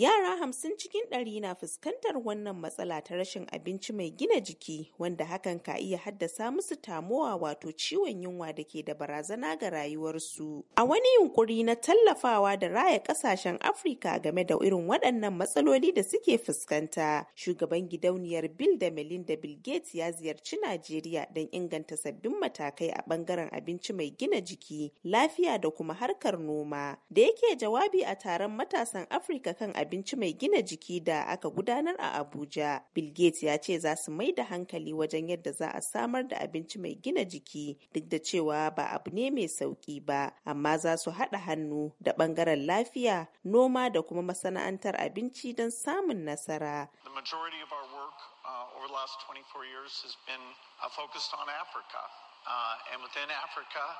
Yara hamsin cikin ɗari na fuskantar wannan matsala ta rashin abinci mai gina jiki wanda hakan ka iya haddasa musu tamowa wato ciwon yunwa da ke da barazana ga rayuwarsu. A wani yunkuri na tallafawa da raya ƙasashen Afirka game da irin waɗannan matsaloli da suke fuskanta, shugaban gidauniyar Bill da Melinda Bill Gates ya ziyarci Najeriya don inganta sabbin matakai a ɓangaren abinci mai gina jiki, lafiya da kuma harkar noma. Da yake jawabi a taron matasan Afirka kan abinci abinci mai gina jiki da aka gudanar a Abuja. Bill Gates ya ce za su mai da hankali wajen yadda za a samar da abinci mai gina jiki duk da cewa ba abu ne mai sauki ba, amma za su haɗa hannu da ɓangaren lafiya, noma da kuma masana'antar abinci don samun nasara. uh, uh Africa, uh,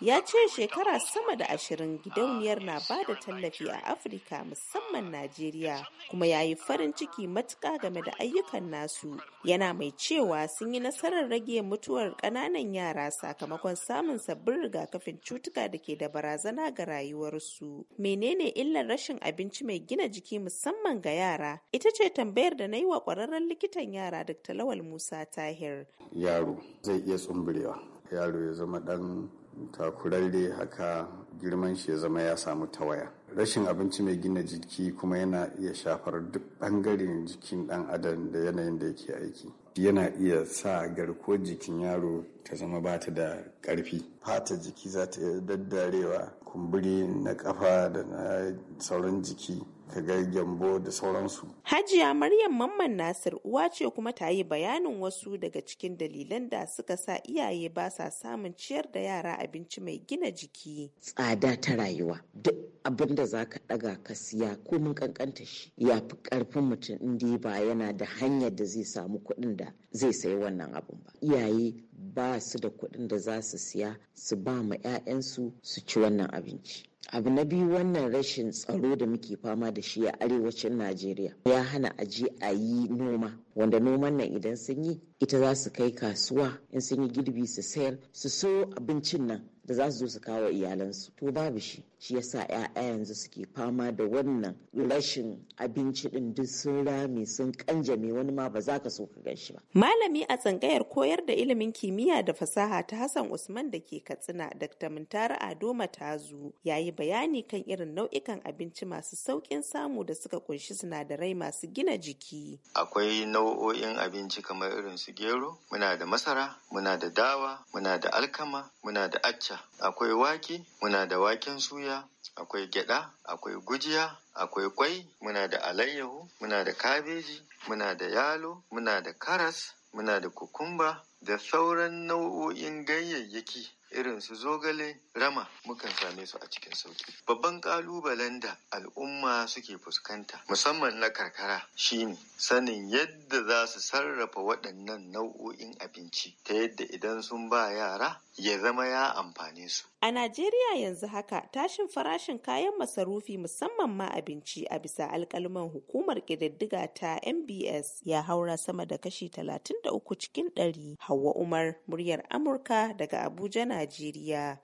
ya ce shekara sama da ashirin gidauniyar na ba da tallafi a afirka musamman najeriya kuma ya yi farin ciki matuka game da ayyukan nasu yana mai cewa sun yi nasarar rage mutuwar ƙananan yara sakamakon samun sabbin rigakafin cutuka da ke da barazana ga rayuwarsu menene illar rashin abinci mai gina jiki musamman ga yara ita ce tambayar da na yi wa kwararren likitan yara dr lawal musa tahir yaro zai iya tsumburewa yaro ya zama ɗan takurarre haka girman shi ya zama ya samu tawaya rashin abinci mai gina jiki kuma yana iya shafar duk ɓangaren jikin ɗan adam da yanayin da yake aiki yana iya sa garkuwar jikin yaro ta zama ba ta da ƙarfi fata jiki za ta daddarewa kumburi na ƙafa da na sauran jiki ka ga gyambo da sauransu. Hajiya Maryam Mamman Nasir uwa ce kuma ta yi bayanin wasu daga cikin dalilan da suka sa iyaye ba sa samun ciyar da yara abinci mai gina jiki. Tsada ta rayuwa duk abin da za ka ɗaga ka siya ko mun kankanta shi ya fi ƙarfin mutum inda ba yana da hanyar da zai samu kuɗin da zai sayi wannan abin ba. Iyaye ba su da kuɗin da za su siya su ba ma 'ya'yansu su ci wannan abinci. abu na biyu wannan rashin tsaro da muke fama da shi a arewacin najeriya ya hana aje a yi noma wanda noman nan idan sun yi ita za su kai kasuwa in sun yi girbi su sayar su so abincin nan da za su zo su kawo iyalansu to babu shi shi yasa 'ya'ya yanzu suke fama da wannan rashin abinci din duk sun rame sun kanjame wani ma ba za ka so ka gan shi ba malami a tsangayar koyar da ilimin kimiyya da fasaha ta Hassan Usman da ke Katsina Dr. Mintara Ado Matazu ya yi bayani kan irin nau'ikan abinci masu saukin samu da suka kunshi sinadarai masu gina jiki akwai nau'o'in abinci kamar irin su gero muna da masara muna da dawa muna da alkama muna da acca Akwai wake, muna da waken suya, akwai gyada, akwai gujiya, akwai kwai, muna da alayyahu, muna da kabeji, muna da yalo, muna da karas, muna da kukumba, da sauran nau'o'in ganyayyaki irin su zogale rama mukan same su a cikin sauki babban kalubalen da al'umma suke fuskanta musamman na karkara shine sanin yadda za su sarrafa waɗannan nau'o'in abinci ta yadda idan sun ba yara ya zama ya amfane su a najeriya yanzu haka tashin farashin kayan masarufi musamman ma abinci a bisa alkalman hukumar ƙididdiga ta mbs ya haura sama da kashi talatin da uku cikin ɗari. Hauwa Umar, muryar Amurka daga Abuja, Najeriya.